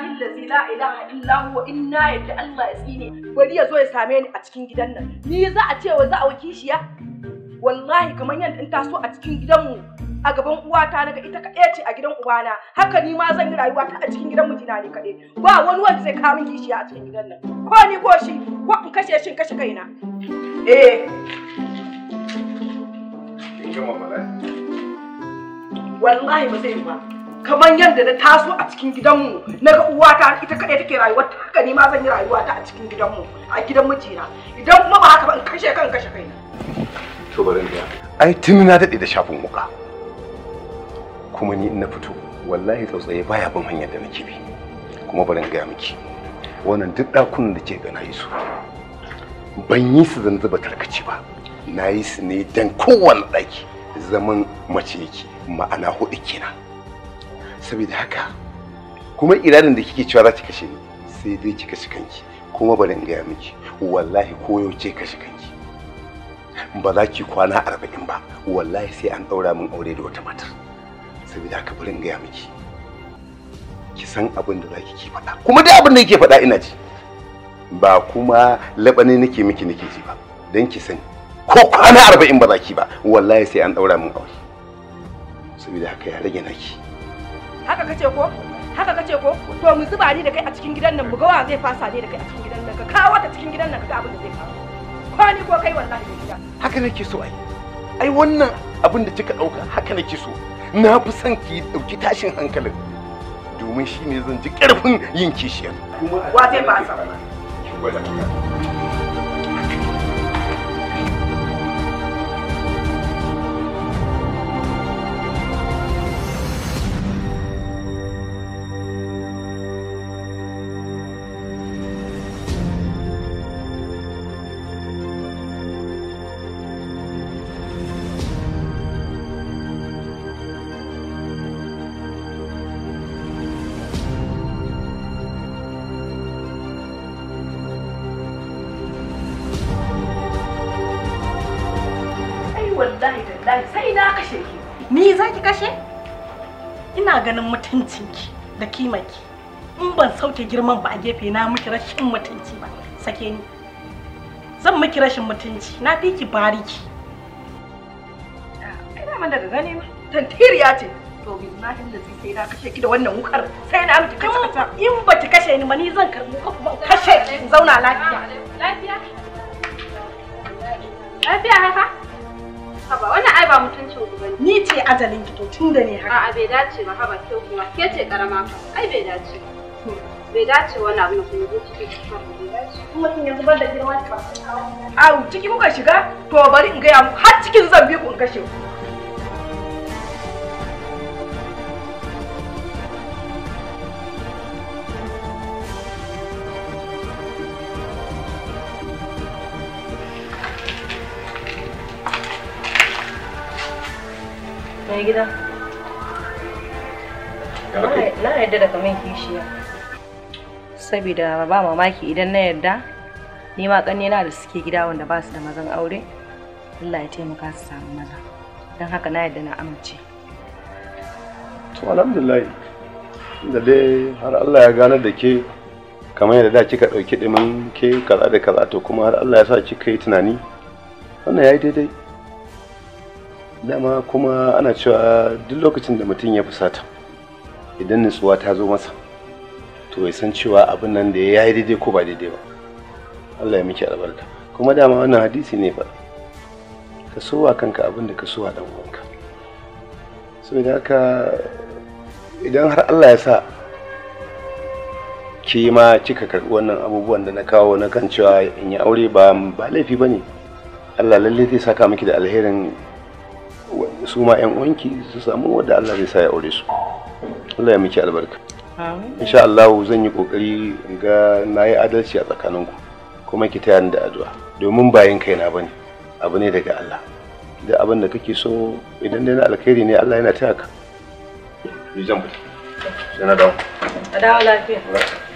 billahi allazi la ilaha illa huwa inna yadda Allah ya tsine bari ya zo ya same ni a cikin gidan nan ni za a ce wa za a waki shi ya wallahi kamar yadda in taso a cikin gidanmu a gaban uwata naga ita kaɗai ce a gidan uwana? haka ni ma zan yi rayuwa ta a cikin gidan mijina ne kaɗai ba wani wanda zai kawo kishiya a cikin gidan nan ko ni ko shi ko in kashe shi in kashe kaina eh wallahi ba zai yi ba kamar yadda na taso a cikin gidanmu na ga uwata ita kaɗai take rayuwa ta haka ne ma zan yi rayuwata a cikin gidanmu a gidan mijina idan kuma ba haka ba in kashe kan kashe kaina to bari ai tun na daɗe da shafin wuka kuma ni in na fito wallahi tsautsaye baya bin hanyar da nake bi kuma bari gaya miki wannan duk ɗakunan da ke gana yi su ban yi su zan zuba tarkaci ba na yi su ne dan kowane ɗaki zaman mace yake ma'ana hudu kenan saboda haka kuma iranin da kike cewa za ki kashe ni sai dai ki kashe kanki kuma bari in gaya miki wallahi koyaushe kashe kanki ba za ki kwana arba'in ba wallahi sai an ɗaura min aure da wata matar saboda haka bari in gaya miki ki san abin da za ki ki faɗa kuma dai abin da yake faɗa ina ji ba kuma laɓane nake miki nake ji ba Dan ki sani ko kwana arba'in ba za ki ba wallahi sai an ɗaura min aure saboda haka ya rage naki haka kace ko haka kace ko to mu zuba ni da kai a cikin gidan nan mu ga wa zai fasa ne da kai a cikin gidan nan ka kawo ta cikin gidan nan ka ga abin da zai faru ko ni ko kai wallahi da gida haka nake so ai ai wannan abin da kika dauka haka nake so na fi son ki dauki tashin hankalin domin shine zan ji karfin yin kishiyar wa zai fasa wallahi tallahi sai na kashe ki ni za ki kashe ina ganin mutuncinki da kimaki. in ban sauke girman ba a gefe na miki rashin mutunci ba sake ni zan miki rashin mutunci na fi ki bariki ah, ina man daga gani ma tantiriya ce to billahi da sai na kashe ki da wannan wukar sai na miki kace kace in ba ki kashe ni ma ni zan karbi ba kashe ki zauna lafiya lafiya lafiya haka taba mutuncin ku bane. Ni ce ajalin ki to tun da ne haka. A'a bai dace ba haba ke kuma ke ce karama fa. Ai bai dace. Bai dace wani abu na kuma zuci cikin ta bai dace. Kuma kin yanzu bar da girma ki ba. Au ciki muka shiga to bari in ga ya har cikin zan bi ku in kashe ku. Mai gida. Na yarda da kamin kishiya. Saboda ba mamaki idan na yarda, ni ma ƙannena da suke gida wanda ba su da mazan aure, Allah ya taimaka su samu maza. Don haka na yarda na amince. To alhamdulillah da dai har Allah ya ganar da ke kamar yadda da kika ɗauki ɗimin ke kaza da kaza to kuma har Allah ya sa kika yi tunani wannan ya yi daidai dama kuma ana cewa duk lokacin da mutum ya fusata idan nutsuwa ta zo masa to ya san cewa abin nan da ya yi daidai ko ba daidai ba Allah ya miki albarka kuma dama wannan hadisi ne fa ka sowa kanka abin da ka sowa dan uwanka saboda haka idan har Allah ya sa ki ma kika karɓi wannan abubuwan da na kawo na kan cewa in yi aure ba ba laifi bane Allah lalle zai saka miki da alherin su ma 'yan uwanki su samu wanda Allah zai sa ya aure su Allah ya miki albarka insha Allah zan yi kokari ga na yi adalci a tsakanin ku kuma ki tayar da addu'a domin bayan na bane abu ne daga Allah da abin da kake so idan dai na alkhairi ne Allah yana taka ni zan fita sai na dawo a dawo lafiya